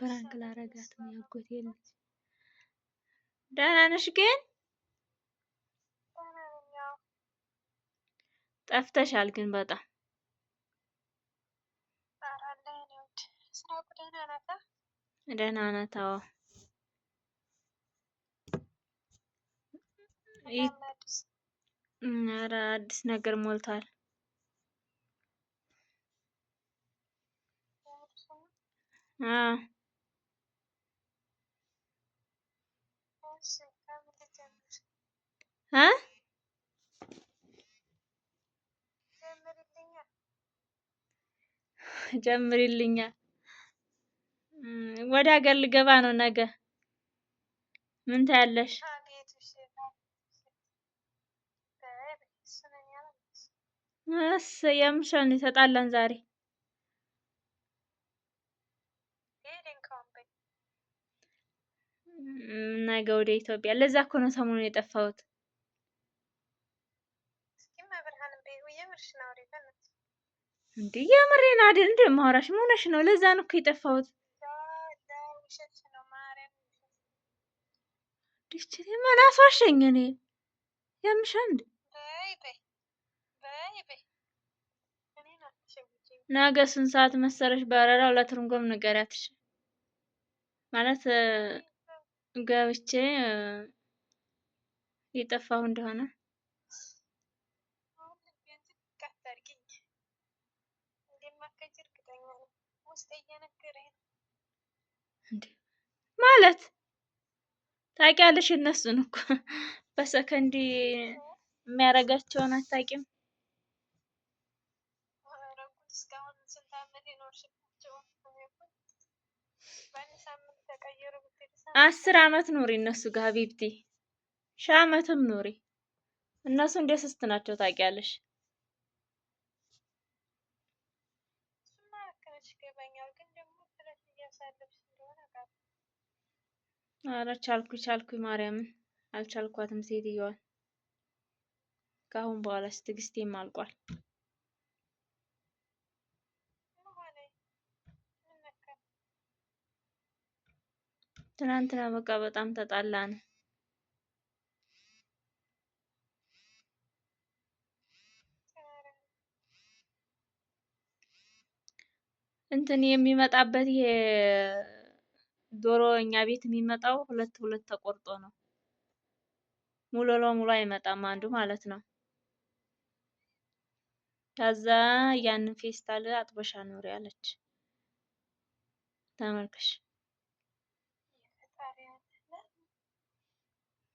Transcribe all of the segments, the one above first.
ፕራንክ ላረጋት ነው ያጎቴ ልጅ። ደህና ነሽ ግን? ጠፍተሻል ግን በጣም ደህና ናት። አዎ ኧረ አዲስ ነገር ሞልቷል። አዎ ጀምሪልኛል። ወደ ሀገር ልገባ ነው ነገ። ምን ታያለሽ? እስ የምሽን ተጣላን ዛሬ ነገ ወደ ኢትዮጵያ። ለዛ እኮ ነው ሰሞኑን የጠፋሁት። እንዴ የምሬን አይደል እንዴ ማውራሽ መሆነሽ ነው? ለዛ ነው እኮ የጠፋሁት። ድስቲ ማን እኔ ያምሻል እንዴ ነገ ስንት ሰዓት መሰለሽ በረራው ለትርንጎም ንገሪያትሽ ማለት ገብቼ የጠፋሁ እንደሆነ ማለት ታውቂያለሽ፣ እነሱን እኮ በሰከንድ የሚያደርጋቸውን አታውቂም። አስር አመት ኖሪ እነሱ ጋር ቢብቲ ሺ አመትም ኖሪ እነሱ እንደ ስስት ናቸው ታውቂያለሽ። አረ ቻልኩ ቻልኩ ማርያምን አልቻልኳትም ሴትዮዋን። ከአሁን በኋላስ ትዕግስቴም አልቋል። ትናንትና በቃ በጣም ተጣላን። እንትን የሚመጣበት ይሄ ዶሮ እኛ ቤት የሚመጣው ሁለት ሁለት ተቆርጦ ነው። ሙሉ ለሙሉ አይመጣም አንዱ ማለት ነው። ከዛ ያንን ፌስታል አጥበሻ ኖሪ ያለች ተመልከሽ።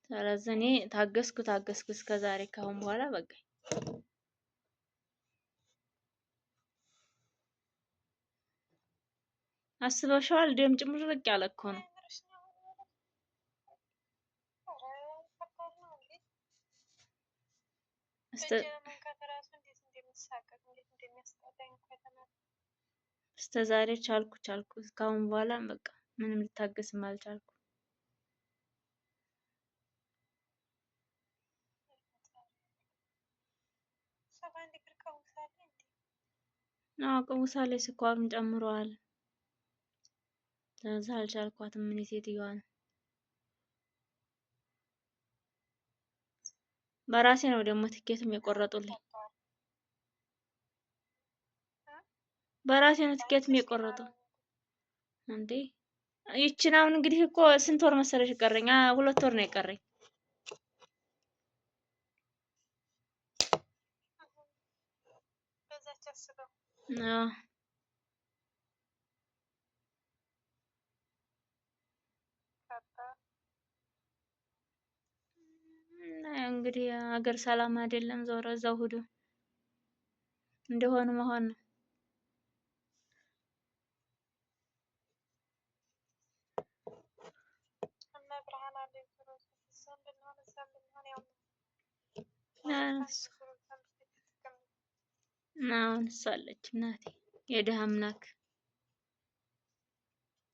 ስለዚህ እኔ ታገስኩ ታገስኩ እስከዛሬ ካሁን በኋላ በቃ አስበሽዋል? ደም ጭምርቅ ያለ እኮ ነው። እስከ ዛሬ ቻልኩ ቻልኩ፣ እስካሁን በኋላ በቃ ምንም ልታገስም አልቻልኩ። አዎ ቅውሳሌ ስኳሩን ጨምረዋል። ስለዚህ አልቻልኳትም ሴትዮዋ ነው? በራሴ ነው ደግሞ ትኬትም የቆረጡልኝ። በራሴ ነው ትኬትም የቆረጡ እንዴ። ይችን አሁን እንግዲህ እኮ ስንት ወር መሰለሽ ይቀረኝ? ሁለት ወር ነው የቀረኝ። አዎ እና እንግዲህ ሀገር ሰላም አይደለም። ዞሮ እዛው ሁዱ እንደሆነ መሆን ነው። አሁን እሷ አለች እናቴ፣ የድሃ አምላክ፣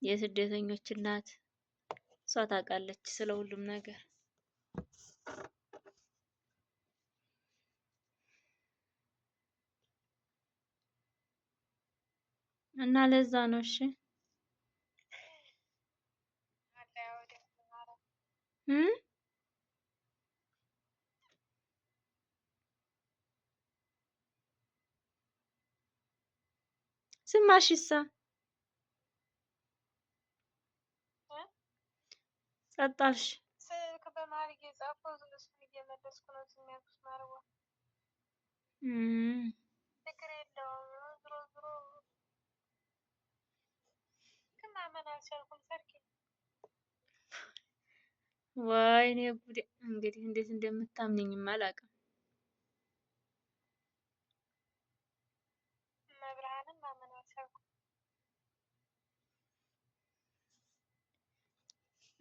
የስደተኞች እናት እሷ ታውቃለች ስለ ሁሉም ነገር። እና ለዛ ነው እሺ ስማሽሳ ጸጥ የተጻፈው ዝም እየመለስኩ ነው። ስሚያቱስ ማረባ ችግር የለውም። ዝሮ ዝሮ ግን ማመን አልቻልኩም። ሰርኪ ወይኔ ጉዴ! እንግዲህ እንዴት እንደምታምንኝም አላውቅም።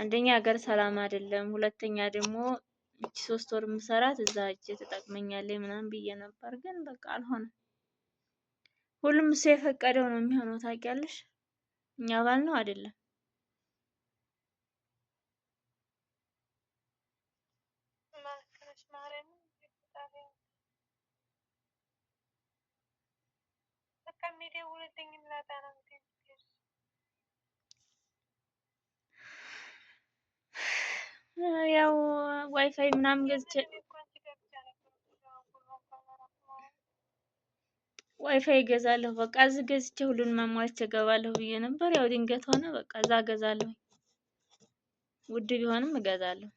አንደኛ ሀገር ሰላም አይደለም፣ ሁለተኛ ደግሞ እቺ ሶስት ወር ምሰራት እዛ እጄ ትጠቅመኛለች ምናምን ብዬ ነበር። ግን በቃ አልሆነም። ሁሉም እሱ የፈቀደው ነው የሚሆነው። ታውቂያለሽ፣ እኛ ባል ነው አይደለም። ያው ዋይፋይ ምናምን ገዝቼ ዋይፋይ እገዛለሁ በቃ እዚህ ገዝቼ ሁሉን ማሟልቼ እገባለሁ ብዬ ነበር። ያው ድንገት ሆነ። በቃ እዛ እገዛለሁ፣ ውድ ቢሆንም እገዛለሁ።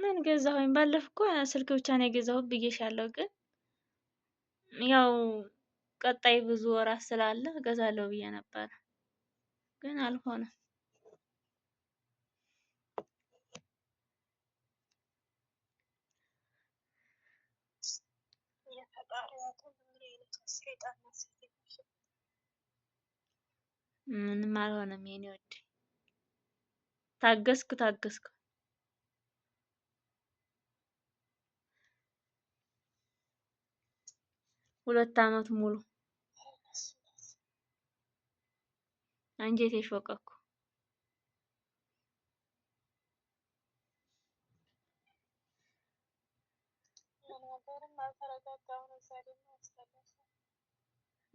ምን ገዛሁኝ? ባለፈው እኮ ስልክ ብቻ ነው የገዛሁት ብዬሻለሁ ግን ያው ቀጣይ ብዙ ወራት ስላለ እገዛለሁ ብዬ ነበረ፣ ግን አልሆነም። ምንም አልሆነም። የኔ ወድ ታገስኩ ታገስክ። ሁለት አመት ሙሉ አንጀቴ ሾቀ እኮ።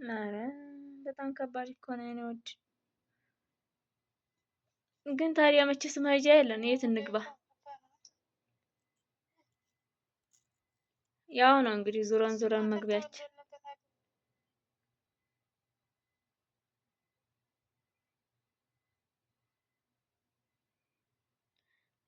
ኧረ በጣም ከባድ እኮ ነው የኔ ወድ። ግን ታዲያ መቼስ መሄጃ የለን፣ የት እንግባ? ያው ነው እንግዲህ ዙረን ዙረን መግቢያችን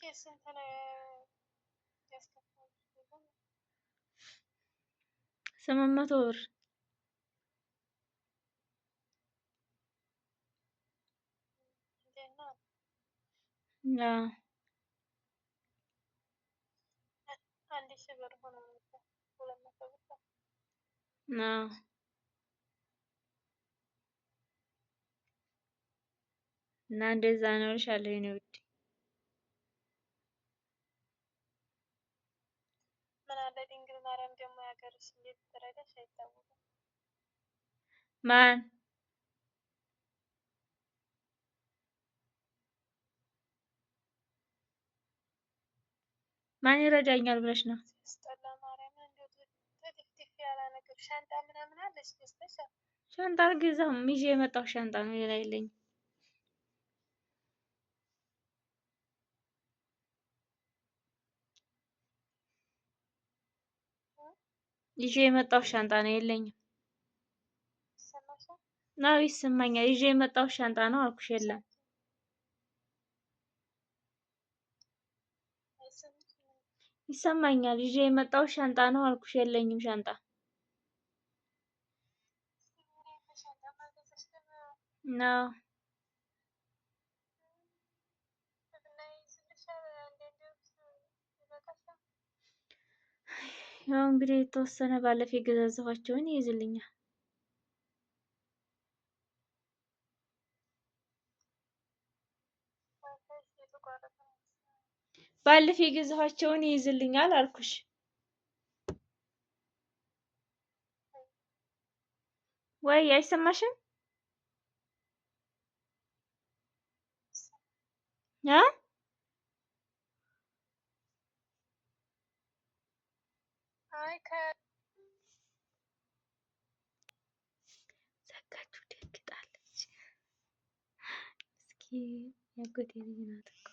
ስንት እንትን ያስከፋል። ስምንት መቶ ብር አንድ ሺህ ብር ሁለት መቶ እና እንደዛ ነው እልሻለሁ የኔ ውድ ትንሽ እንደተረዳሽ አይታወቅም። ማን ማን ይረዳኛል ብለሽ ነው? ሻንጣ ምናምን አለሽ ገዝተሻል? ሻንጣ አልገዛሁም። ይዤ የመጣሁ ሻንጣ ነው፣ ሌላ የለኝም። ይዤ የመጣው ሻንጣ ነው የለኝም። ናው ይሰማኛል። ይዤ የመጣው ሻንጣ ነው አልኩሽ። የለም ይሰማኛል። ይዤ የመጣው ሻንጣ ነው አልኩሽ። የለኝም ሻንጣ ናው ያው እንግዲህ የተወሰነ ባለፈ የገዛዘኋቸውን ይይዝልኛል። ባለፈ የገዛኋቸውን ይይዝልኛል አልኩሽ። ወይ አይሰማሽም? ዘጋችሁ። ደንግጣለች። እስኪ ያጎቴ ልጅ ናት እኮ